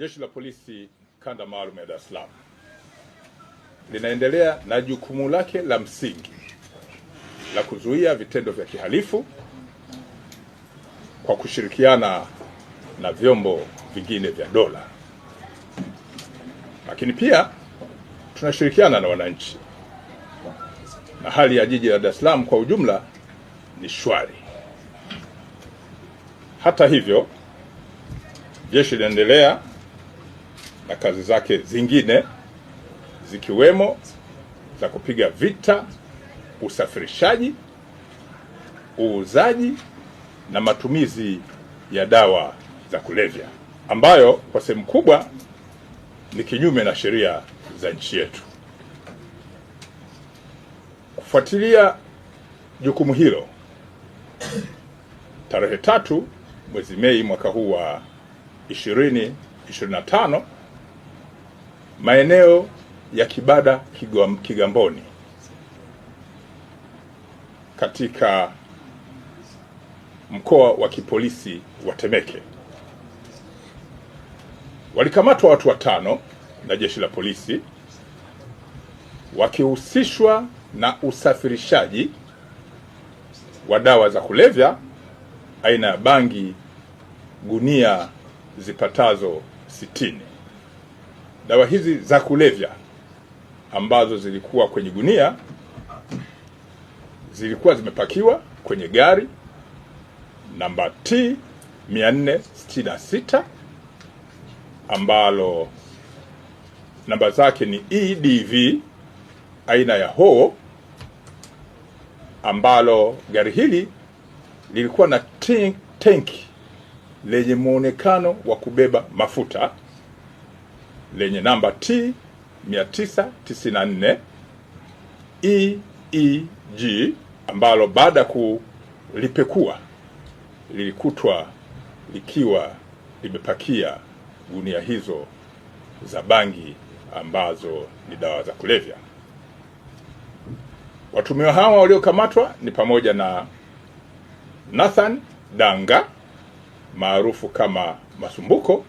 Jeshi la Polisi kanda maalum ya Dar es Salaam linaendelea na jukumu lake la msingi la kuzuia vitendo vya kihalifu kwa kushirikiana na vyombo vingine vya dola, lakini pia tunashirikiana na wananchi, na hali ya jiji la Dar es Salaam kwa ujumla ni shwari. Hata hivyo, jeshi linaendelea na kazi zake zingine zikiwemo za kupiga vita usafirishaji, uuzaji na matumizi ya dawa za kulevya ambayo kwa sehemu kubwa ni kinyume na sheria za nchi yetu. Kufuatilia jukumu hilo, tarehe tatu mwezi Mei mwaka huu wa 2025 maeneo ya Kibada Kigamboni katika mkoa wa kipolisi wa Temeke. Walikamatwa watu watano na jeshi la polisi wakihusishwa na usafirishaji wa dawa za kulevya aina ya bangi gunia zipatazo sitini dawa hizi za kulevya ambazo zilikuwa kwenye gunia zilikuwa zimepakiwa kwenye gari namba T 466 ambalo namba zake ni EDV aina ya ho ambalo gari hili lilikuwa na tank lenye muonekano wa kubeba mafuta lenye namba T 994 EEG ambalo baada ya kulipekua lilikutwa likiwa limepakia gunia hizo za bangi ambazo ni dawa za kulevya. Watumiwa hawa waliokamatwa ni pamoja na Nathan Danga maarufu kama Masumbuko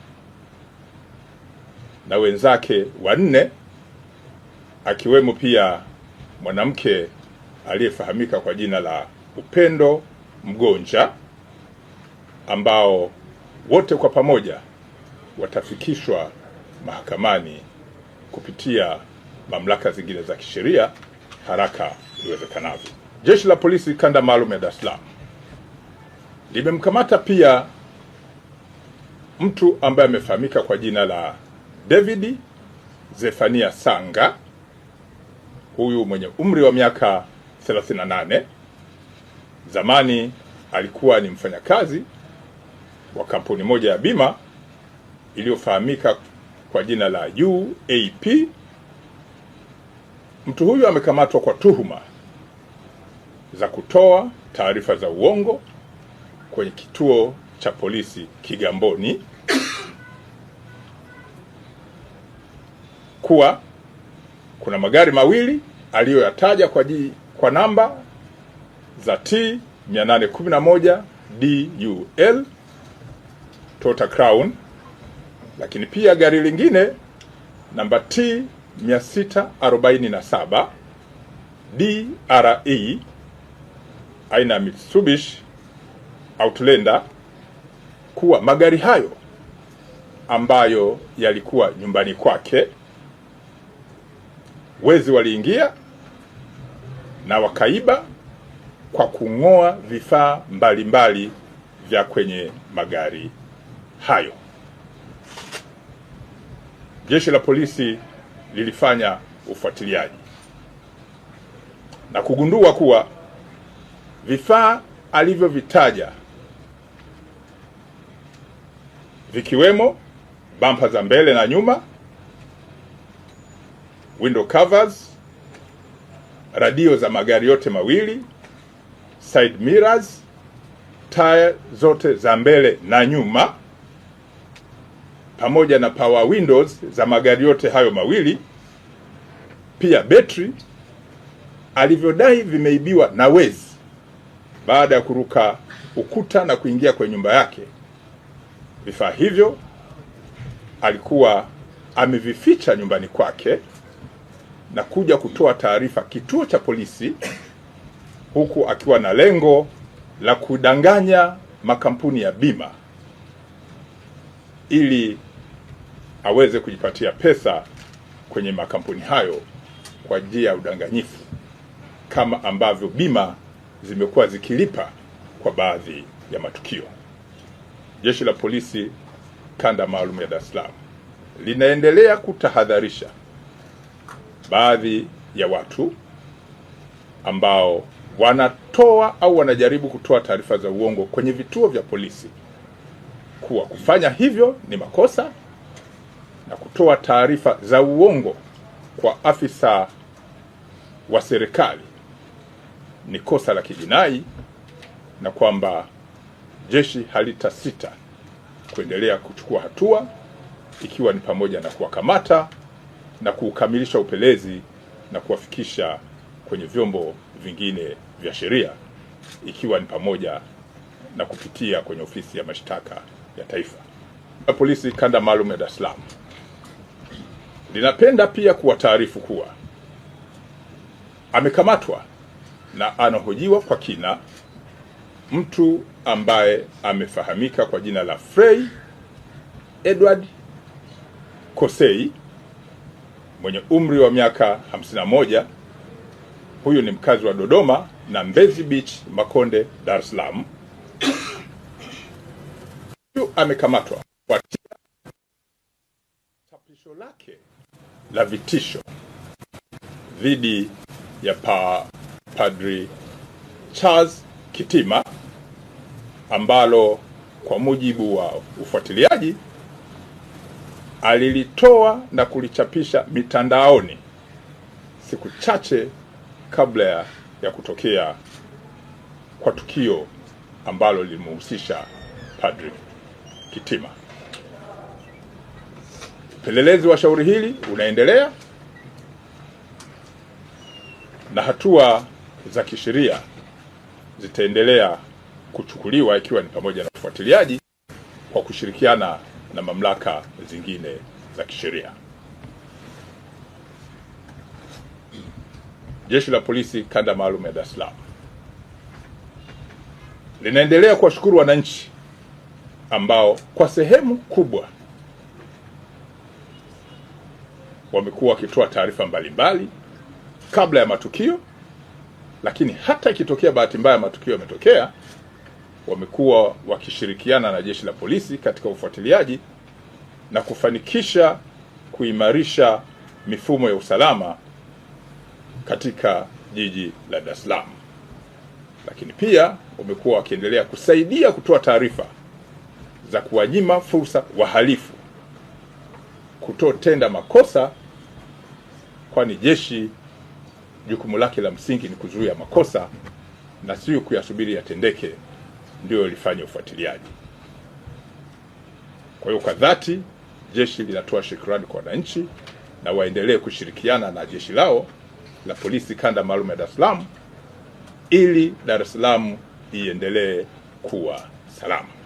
na wenzake wanne akiwemo pia mwanamke aliyefahamika kwa jina la Upendo Mgonja, ambao wote kwa pamoja watafikishwa mahakamani kupitia mamlaka zingine za kisheria haraka iwezekanavyo. Jeshi la Polisi kanda maalum ya Dar es Salaam limemkamata pia mtu ambaye amefahamika kwa jina la David Zefania Sanga, huyu mwenye umri wa miaka 38, zamani alikuwa ni mfanyakazi wa kampuni moja ya bima iliyofahamika kwa jina la UAP. Mtu huyu amekamatwa kwa tuhuma za kutoa taarifa za uongo kwenye kituo cha polisi Kigamboni kuwa kuna magari mawili aliyoyataja kwa, kwa namba za T 811 DUL Toyota Crown, lakini pia gari lingine namba T 647 DRE aina ya Mitsubishi Outlander kuwa magari hayo ambayo yalikuwa nyumbani kwake Wezi waliingia na wakaiba kwa kung'oa vifaa mbalimbali vya kwenye magari hayo. Jeshi la polisi lilifanya ufuatiliaji na kugundua kuwa vifaa alivyovitaja vikiwemo bampa za mbele na nyuma window covers, radio za magari yote mawili, side mirrors, tire zote za mbele na nyuma, pamoja na power windows za magari yote hayo mawili, pia betri alivyodai vimeibiwa na wezi baada ya kuruka ukuta na kuingia kwenye nyumba yake. Vifaa hivyo alikuwa amevificha nyumbani kwake na kuja kutoa taarifa kituo cha polisi, huku akiwa na lengo la kudanganya makampuni ya bima ili aweze kujipatia pesa kwenye makampuni hayo kwa njia ya udanganyifu, kama ambavyo bima zimekuwa zikilipa kwa baadhi ya matukio. Jeshi la Polisi kanda maalum ya Dar es Salaam linaendelea kutahadharisha baadhi ya watu ambao wanatoa au wanajaribu kutoa taarifa za uongo kwenye vituo vya polisi kuwa kufanya hivyo ni makosa na kutoa taarifa za uongo kwa afisa wa serikali ni kosa la kijinai na kwamba jeshi halitasita kuendelea kuchukua hatua ikiwa ni pamoja na kuwakamata na kukamilisha upelezi na kuwafikisha kwenye vyombo vingine vya sheria ikiwa ni pamoja na kupitia kwenye ofisi ya mashtaka ya taifa. Polisi kanda maalum ya Dar es Salaam linapenda pia kuwataarifu kuwa amekamatwa na anahojiwa kwa kina mtu ambaye amefahamika kwa jina la Frei Edward Kosei mwenye umri wa miaka 51. Huyu ni mkazi wa Dodoma na Mbezi Beach, Makonde, Dar es Salaam. Huyu amekamatwa kufuatia chapisho lake la vitisho dhidi ya pa, Padri Charles Kitima ambalo kwa mujibu wa ufuatiliaji alilitoa na kulichapisha mitandaoni siku chache kabla ya, ya kutokea kwa tukio ambalo lilimhusisha Padri Kitima. Upelelezi wa shauri hili unaendelea na hatua za kisheria zitaendelea kuchukuliwa ikiwa ni pamoja na ufuatiliaji kwa kushirikiana na mamlaka zingine za kisheria. Jeshi la Polisi Kanda Maalum ya Dar es Salaam linaendelea kuwashukuru wananchi ambao kwa sehemu kubwa wamekuwa wakitoa taarifa mbalimbali kabla ya matukio, lakini hata ikitokea bahati mbaya matukio yametokea, wamekuwa wakishirikiana na jeshi la polisi katika ufuatiliaji na kufanikisha kuimarisha mifumo ya usalama katika jiji la Dar es Salaam. Lakini pia wamekuwa wakiendelea kusaidia kutoa taarifa za kuwanyima fursa wahalifu kutotenda makosa, kwani jeshi jukumu lake la msingi ni kuzuia makosa na sio kuyasubiri yatendeke ndio ilifanya ufuatiliaji. Kwa hiyo kwa dhati jeshi linatoa shukrani kwa wananchi na waendelee kushirikiana na jeshi lao la polisi kanda maalum ya Dar es Salaam ili Dar es Salaam iendelee kuwa salama.